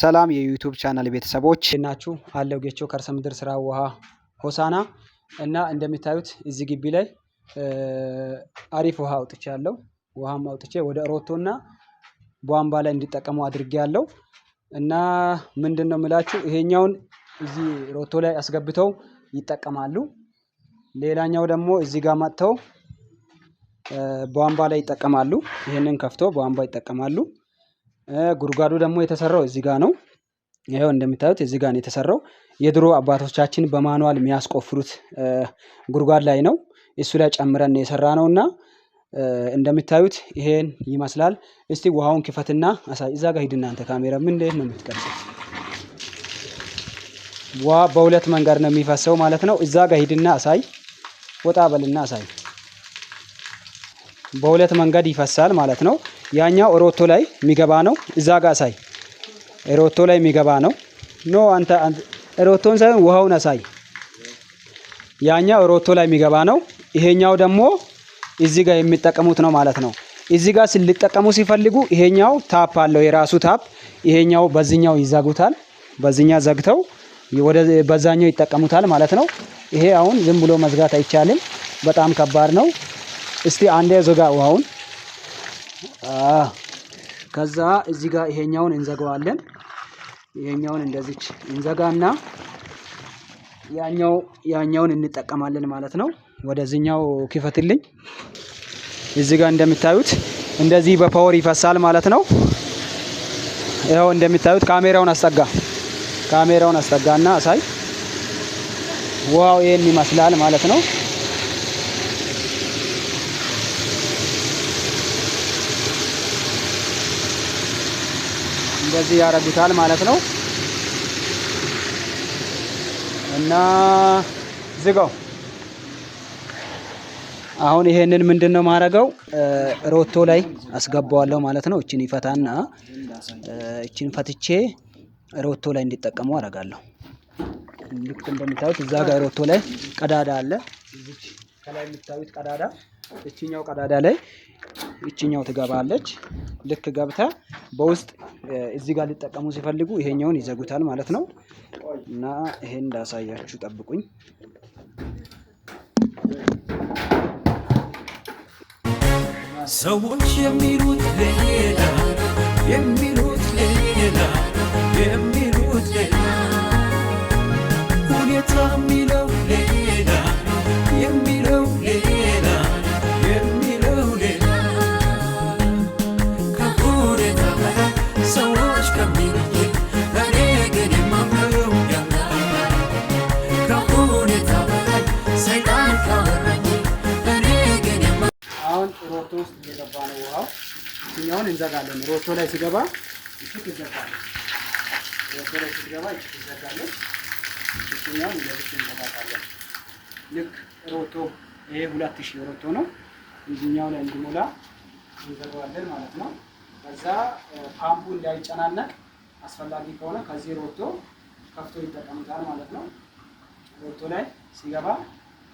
ሰላም የዩቱብ ቻናል ቤተሰቦች ናችሁ አለው ጌቾ ከርሰ ምድር ስራ ውሃ ሆሳና እና እንደሚታዩት እዚህ ግቢ ላይ አሪፍ ውሃ አውጥቼ ያለው ውሃም አውጥቼ ወደ ሮቶ እና ቧንቧ ላይ እንዲጠቀሙ አድርጌ ያለው እና ምንድን ነው የምላችሁ ይሄኛውን እዚህ ሮቶ ላይ አስገብተው ይጠቀማሉ። ሌላኛው ደግሞ እዚህ ጋር መጥተው ቧንቧ ላይ ይጠቀማሉ። ይህንን ከፍቶ ቧንቧ ይጠቀማሉ። ጉድጓዱ ደግሞ የተሰራው እዚህ ጋር ነው። ይኸው እንደምታዩት እዚህ ጋር ነው የተሰራው። የድሮ አባቶቻችን በማኑዋል የሚያስቆፍሩት ጉድጓድ ላይ ነው። እሱ ላይ ጨምረን የሰራ ነው እና እንደምታዩት ይሄን ይመስላል። እስቲ ውሃውን ክፈትና አሳይ። እዛ ጋር ሂድ እናንተ ካሜራ ምን እንዴት ነው የምትቀርጹት? ዋ በሁለት መንገድ ነው የሚፈሰው ማለት ነው። እዛ ጋር ሂድና አሳይ። ወጣ በልና አሳይ። በሁለት መንገድ ይፈሳል ማለት ነው። ያኛው ሮቶ ላይ የሚገባ ነው። እዛ ጋ አሳይ ሮቶ ላይ የሚገባ ነው። ኖ አንተ ሮቶን ሳይሆን ውሃውን አሳይ። ያኛው ሮቶ ላይ የሚገባ ነው። ይሄኛው ደግሞ እዚ ጋ የሚጠቀሙት ነው ማለት ነው። እዚ ጋ ሊጠቀሙ ሲፈልጉ ይሄኛው ታፕ አለው የራሱ ታፕ። ይሄኛው በዚኛው ይዘጉታል። በዚኛ ዘግተው ወደ በዛኛው ይጠቀሙታል ማለት ነው። ይሄ አሁን ዝም ብሎ መዝጋት አይቻልም። በጣም ከባድ ነው። እስቲ አንዴ ዘጋ ውሃውን። ከዛ እዚህ ጋር ይሄኛውን እንዘጋዋለን። ይሄኛውን እንደዚች እንዘጋና ያኛው ያኛውን እንጠቀማለን ማለት ነው። ወደዚህኛው ክፈትልኝ። እዚህ ጋር እንደምታዩት እንደዚህ በፓወር ይፈሳል ማለት ነው። ይኸው እንደምታዩት ካሜራውን አስጠጋ፣ ካሜራውን አስጠጋና አሳይ። ውሃው ይሄን ይመስላል ማለት ነው። እንደዚህ ያረጉታል ማለት ነው እና ዝጋው። አሁን ይሄንን ምንድን ነው ማረገው? ሮቶ ላይ አስገባዋለሁ ማለት ነው። እችን ይፈታና እችን ፈትቼ ሮቶ ላይ እንዲጠቀሙ አረጋለሁ። ልክ እንደምታዩት እዛ ጋር ሮቶ ላይ ቀዳዳ አለ። ከላይ የምታዩት ቀዳዳ እችኛው ቀዳዳ ላይ ይችኛው ትገባለች። ልክ ገብተ በውስጥ እዚህ ጋር ሊጠቀሙ ሲፈልጉ ይሄኛውን ይዘጉታል ማለት ነው። እና ይሄን እንዳሳያችሁ ጠብቁኝ። ሰዎች የሚሉት ሌላ የሚሉት ሌላ ይችኛውን እንዘጋለን። ሮቶ ላይ ሲገባ ይችክ ይዘጋለን። ሮቶ ልክ ሮቶ ይሄ ሁለት ሺህ ሮቶ ነው። እዚህኛው ላይ እንዲሞላ እንዘጋዋለን ማለት ነው። ከዛ ፓምፑ እንዳይጨናነቅ አስፈላጊ ከሆነ ከዚህ ሮቶ ከፍቶ ይጠቀምታል ማለት ነው። ሮቶ ላይ ሲገባ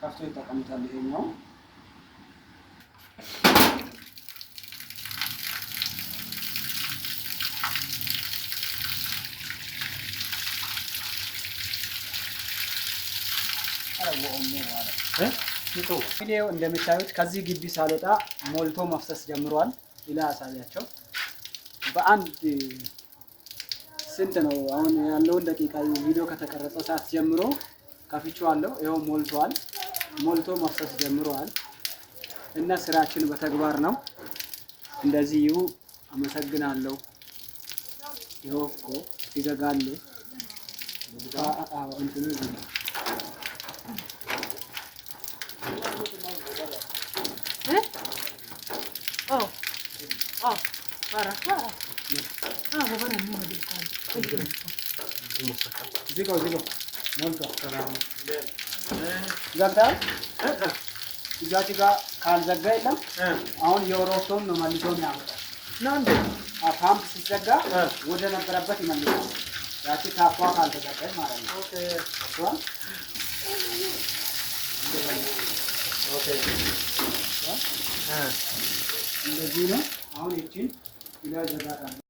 ከፍቶ ይጠቀምታል ይሄኛው እንግዲህ እንደምታዩት ከዚህ ግቢ ሳልወጣ ሞልቶ መፍሰስ ጀምሯል። ይላ አሳያቸው በአንድ ስንት ነው አሁን ያለውን ደቂቃ ቪዲዮ ከተቀረጸው ሰዓት ጀምሮ ከፍቼ አለው። ይኸው ሞልቷል፣ ሞልቶ መፍሰስ ጀምሯል። እና ስራችን በተግባር ነው። እንደዚህ ይሁ አመሰግናለሁ። ይኸው እኮ ገብታል እዛች ጋር ካልዘጋ የለም። አሁን የኦሮቶን ነው መልሶ ያመጣል። ፓምፕ ሲዘጋ ወደ ነበረበት ይመልሳል። ያቺ ታፏ ካልተዘጋች ማለት ነው። እንደዚህ ነው። አሁን ይችን ይላል